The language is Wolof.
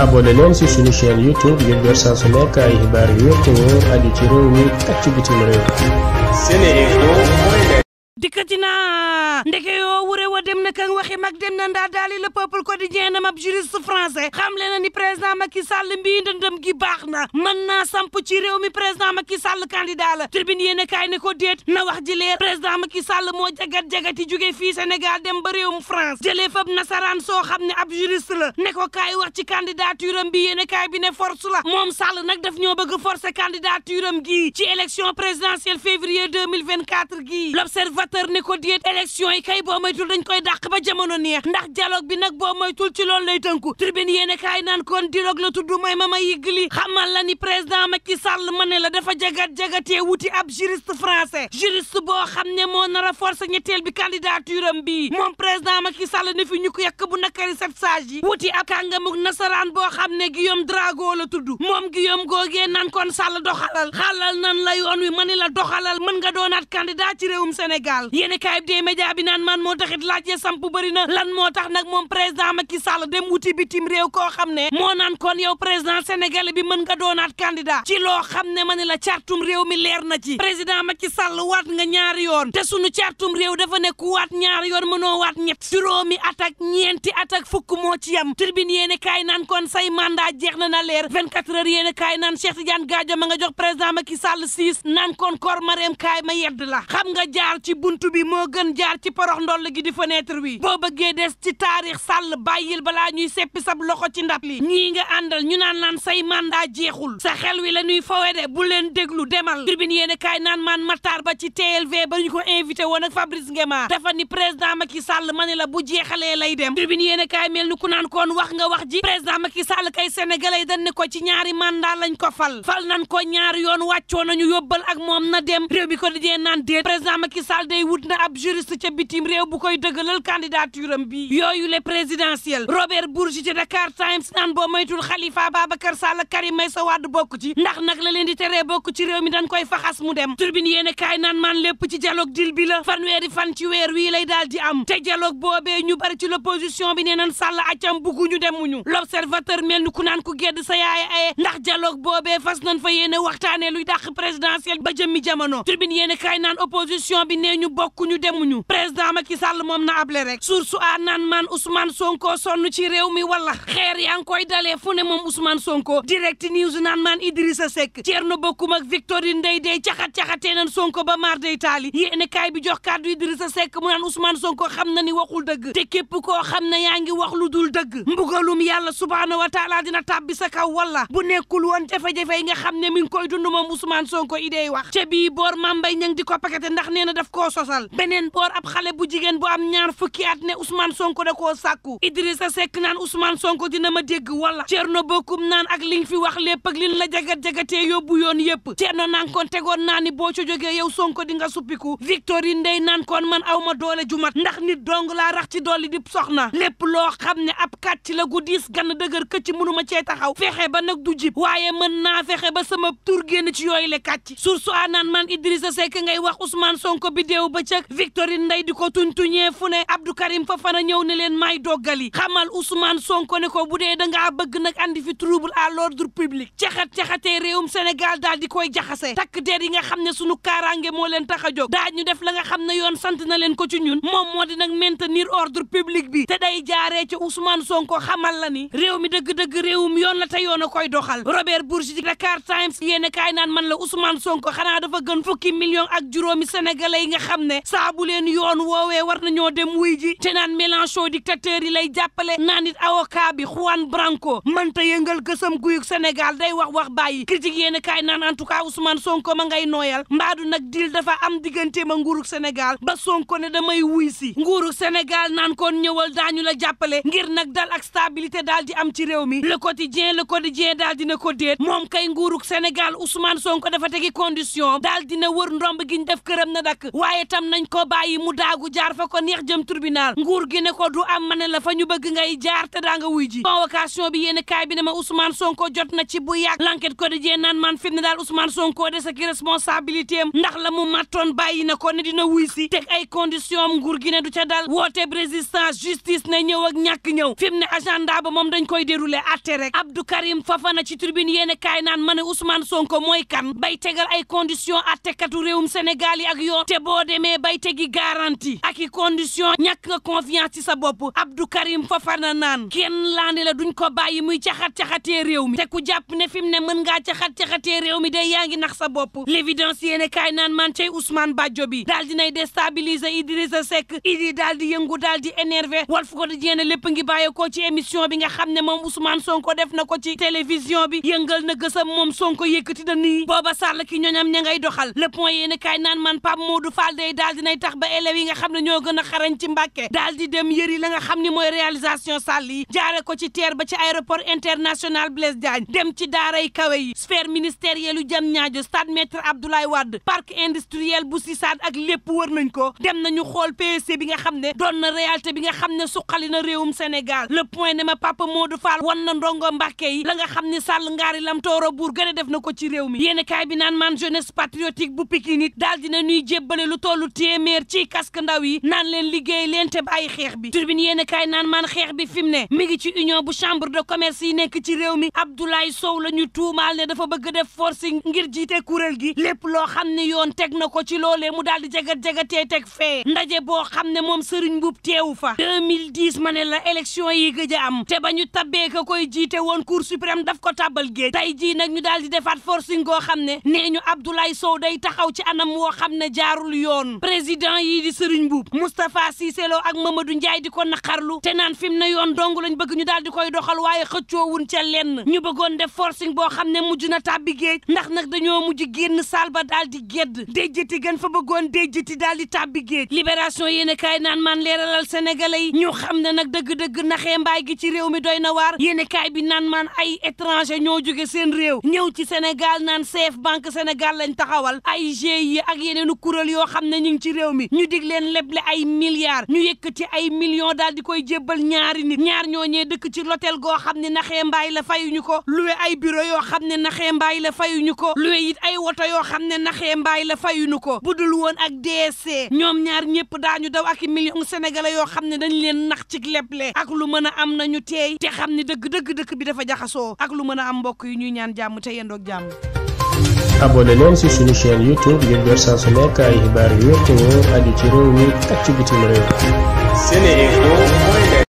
abonné leen ci suñu YouTube ngir jot saa su nekk ay xibaar yu wér te wóor aju ci réew mi ak ci dikkati naa wure wa dem na kan waxi mag dem na ndaa daali le peuple quotidien nam ab juriste français xamle na ni président Macky Sall mbii ndëndëm gi baax na man naa samp ci réew mi président Macky Sall candidat la tribune yéen a kaay ne ko déet na wax ji leer président Macky Sall moo jagat-jagati jóge fii Sénégal dem ba réewum France jëlee fab nasaraan soo xam ne ab juriste la ne ko kaay wax ci candidature am bi yéen a kaay bi ne force la moom Sall nag daf ñoo bëgg forcer candidature am gii ci élection présidentielle l'observateur ne ko déet élection yi kay boo moytul dañ koy dàq ba jamono neex ndax dialogue bi nag boo moytul ci loolu lay tënku tribune yéene kaay naan kon dialogue la may ma mama yigli xamal la ni président Macky Sall ma ne la dafa jagat-jagatee wuti ab juriste français juriste boo xam ne moo nar a forcé ñetteel bi candidature am bii moom président Macky Sall ne fi ñu ko yàkk bu nakari set sage yi wuti ab kàngamuk nasaraan boo xam ne Guillaume Drago la tudd moom Guillaume googee naan kon Sall doxalal xalal nan la yoon wi ma ne la doxalal mën nga doonaat candidat ci réewum Sénégal Sénégal yéen kaay bi dee média bi naan man moo taxit laaj ya samp bëri lan moo tax nag moom président Macky Sall dem wuti bitim réew koo xam ne moo naan kon yow président sénégalais bi mën nga doonaat candidat ci loo xam ne ma ne la cartum réew mi leer na ci président ki Sall waat nga ñaari yoon te sunu cartum réew dafa nekk waat ñaar yoon mënoo waat ñett juróomi at ak ñeenti at ak fukk moo ci yam tribune yéen kaay nan kon say mandat jeex na na leer 24 heures yéen kaay naan Cheikh Tidiane Gadio ma nga jox président Macky Sall siis naan kon kor Marème kaay ma yedd la xam nga buntu bi moo gën jaar ci porox ndoll gi di fenêtre wi boo bëggee de ci taarix sàll bàyyil balaa ñuy seppi sab loxo ci ndab li ñii nga àndal ñu naan laan say mandat jeexul sa xel wi la ñuy fawe de bu leen lu demal tribune yéen kaay naan maan Matar ba ci TLV ba ñu ko invité woon ak Fabrice Ngema dafa ni président Macky Sall ma la bu jeexalee lay dem tribune yéen kaay mel ni ku naan ko wax nga wax ji président Macky Sall kay sénégalais dañ ne ko ci ñaari mandat lañ ko fal fal nan ko ñaari yoon wàccoo nañu yóbbal ak na dem réew bi ko dajee naan Gueye wut na ab juriste ca bitim réew bu koy dëggalal candidature am bi yooyu le présidentiel Robert Bourgi ci Dakar Times naan boo maytul Khalifa Babacar Sall may Meïssa Wade bokk ci ndax nag la leen di teree bokk ci réew mi dañ koy faxas mu dem turbine yéen kaay naan maan lépp ci dialogue dil bi la fanweeri fan ci weer wii lay daal di am te dialogue boobee ñu bari ci l'opposition bi nee nan Sall accam bugguñu ñu l'observateur mel ni ku naan ku gedd sa yaay aye ndax dialogue boobee fas nañ fa waxtaanee luy dàq présidentiel ba jëmmi jamono turbine yéen kaay naan bi ñu bokkuñu demuñu président Macky Sall moom na able rek source a naan maan Ousmane Sonko sonn ci réew mi wala xeer yaa ngi koy dalee fu ne moom Ousmane Sonko direct news naan maan Idrissa Seck Thierno Bocoum ak Victorine day Dey caxat caxatee nañ Sonko ba maar day taali yéene kaay bi jox kàddu Idrissa Seck mu naan Ousmane Sonko xam na ni waxul dëgg te képp koo xam na yaa ngi wax lu dul dëgg mbugalum yàlla subhaana wa taala dina tàbbi sa kaw wala bu nekkul woon jafe-jafe yi nga ne mi ngi koy dund moom Ousmane Sonko idée wax ca bii boor Mame Mbaye Niang di ko pakete ndax nee na daf koo koo sosal beneen boor ab xale bu jigéen bu am ñaar fukki at ne Ousmane Sonko da koo sàkku Idrissa Seck naan Ousmane Sonko dina ma dégg wala Thierno Bocoum naan ak liñ fi wax lépp ak liñ la jagat-jagatee yóbbu yoon yépp Thierno naan kon tegoon naa ni boo ci jógee yow Sonko di nga suppiku Victorine Ndey naan kon man aw ma doole jumat ndax nit dong laa rax ci dolli di soxna lépp loo xam ne ab kàcc la gu diis gann dëgër këcc mënuma cee taxaw fexe ba nag du jib waaye mën naa fexe ba sama tur génn ci yooyu le kàcc sursu naan man Idrissa Seck ngay wax Ousmane Sonko bi yeew bëccëg Victorine Ndeye di ko tuñ-tuñee fu ne Abdou Karim Fofana ñëw ne leen may doggali xamal Ousmane Sonko ne ko bu dee dangaa bëgg nag andi fi trouble à l'ordre public caxat caxatee réewum senegal daal di koy jaxase takk der yi nga xam ne sunu kaaraange moo leen tax a jóg daa ñu def la nga xam ne yoon sant na leen ko ci ñun moom moo dina nag maintenir ordre public bi te day jaaree ci Ousmane Sonko xamal la ni réew mi dëgg-dëgg réewum yoon la te yoon a koy doxal Robert Bourgi di Dakar Times naan man la Ousmane Sonko xanaa dafa gën fukki million ak juróomi sénégalais yi nga xam ne saa bu leen yoon woowee war nañoo dem wuy ji te naan Mélenchon dictateur yi lay jàppale naan it avocat bi Juan Branco mënta yëngal gësam guyug Sénégal day wax wax bàyyi critique yéen kaay naan en tout cas Ousmane Sonko ma ngay nooyal mbaadu nag dil dafa am diggante ma nguurug Sénégal ba Sonko ne damay wuy si nguurug Sénégal naan kon ñëwal daañu la jàppale ngir nag dal ak stabilité daal di am ci réew mi le quotidien le quotidien daal dina ko déet moom kay nguurug Sénégal Ousmane Sonko dafa tegi condition daal dina wër ndomb giñ def këram na dakk waaye waaye tam nañ ko bàyyi mu daagu jaar fa ko neex jëm tribunal nguur gi ko du am ma ne la fa ñu bëgg ngay jaar te daa nga wuy ji convocation bi yéen kaay bi ne ma Ousmane Sonko jot na ci bu yàgg l'enquête ko di jee naan man fi ne daal Ousmane Sonko de sa ki responsabilité am ndax la mu mattoon bàyyi na ko ne dina wuy si teg ay condition am nguur gi ne du ca dal woote résistance justice na ñëw ak ñàkk ñëw fi ne agenda ba moom dañ koy déroulé atte rek Abdou Karim Fafana ci tribune yéen kaay naan ma ne Ousmane Sonko mooy kan bay tegal ay condition attekatu réewum Sénégal yi ak yoon demee bay tegi garantie ak i condition ñàkk nga confiance ci sa bopp Abdou Karim Fofana naan kenn laandi la duñ ko bàyyi muy caxat-caxatee réew mi te ku jàpp ne fi mu ne mën ngaa caxat-caxatee réew mi day yaa ngi nax sa bopp l'évidence yéene kaay naan man cey Ousmane Badjo bi daal dinay déstabiliser Idrissa Seck Idi daal di yëngu daal di énervé Walf Quotidien lépp ngi bàyyeekoo ci émission bi nga xam ne moom Ousmane Sonko def na ko ci télévision bi yëngal na gësam moom Sonko yëkkati da nii booba Sall ki ñoñam ña ngay doxal le point yéene man Pape Modou day daal dinay tax ba élèves yi nga xam ne ñoo gën a xarañ ci Mbàkke daal di dem yëri la nga xam ni mooy réalisation sàll yi jaare ko ci TER ba ci aéroport international Blaise Diagne dem ci daaray kawe yi sphère ministérielle yu jam ñaajo stade maître Abdoulaye Wade parc industriel bu Sissaat ak lépp wër nañ ko dem nañu xool PSC bi nga xam ne doon na bi nga xam ne suqali na réewum Sénégal le point ne ma papa Modou Fall wan na ndongo Mbàkke yi la nga xam ni sàll ngaari lam tooro buur gën na ko ci réew mi yéen kaay bi naan man tollu téeméer ci casque ndaw yi naan leen liggéey leen te bàyyi xeex bi turbine yéen kaay naan man xeex bi fi mu ne mi ngi ci union bu chambre de commerce yi nekk ci réew mi Abdoulaye Sow la ñu tuumaal ne dafa bëgg def forcing ngir jiite kuréel gi lépp loo xam ne yoon teg na ko ci loolee mu daal di jagat-jagatee teg fee ndaje boo xam ne moom sëriñ Mbuub teewu fa 2010 ma ne la élection yi gëj a am te ba ñu tabbee koy jiite woon cour suprême daf ko tàbbal géej tey jii nag ñu daal di defaat forcing goo xam ne nee ñu Abdoulaye Sow day taxaw ci anam woo xam ne jaarul yoon président yii di Serigne Mboup Moustapha Cissé Lo ak Mamadou Ndiaye di ko naqarlu te naan fi mu ne yoon dong lañ bëgg ñu daal di koy doxal waaye xëccoowun ca lenn ñu bëggoon def forcing boo xam ne mujj na tàbbi géej ndax nag dañoo mujj génn saal ba daal di gedd déjjati gën fa bëggoon déjjati daal di tàbbi géej libération yéen kaay naan maan leeralal sénégalais yi ñu xam ne nag dëgg-dëgg naxee mbaay gi ci réew mi doy na waar yéen kaay bi naan maan ay étranger ñoo jóge seen réew ñëw ci Sénégal naan CF banque Sénégal lañ taxawal ay GIE ak yeneenu kuréel yoo xam xam ne ñu ci réew mi ñu dig leen leble ay milliards ñu yëkkati ay millions daal di koy jébbal ñaari nit ñaar ñooñee dëkk ci l'hôtel goo xam ni naxee mbaay la fayuñu ko luwe ay bureau yoo xam ne naxee mbaay la fayuñu ko luwe it ay woto yoo xam ne naxee mbaay la fayuñu ko bu budul woon ak DSC ñoom ñaar ñëpp daañu daw ak i millions sénégalais yoo xam ne dañu leen nax ci leble ak lu mën a am na ñu teey te xam ne dëgg dëgg dëkk bi dafa jaxasoo ak lu mën a am mbokk yi ñuy ñaan jàmm te yendoog jàmm abonné leen si suñu chaîne YouTube ngir jot saa ay xibaar yu wér te wóor aju ci réew mi ak ci bitim réew.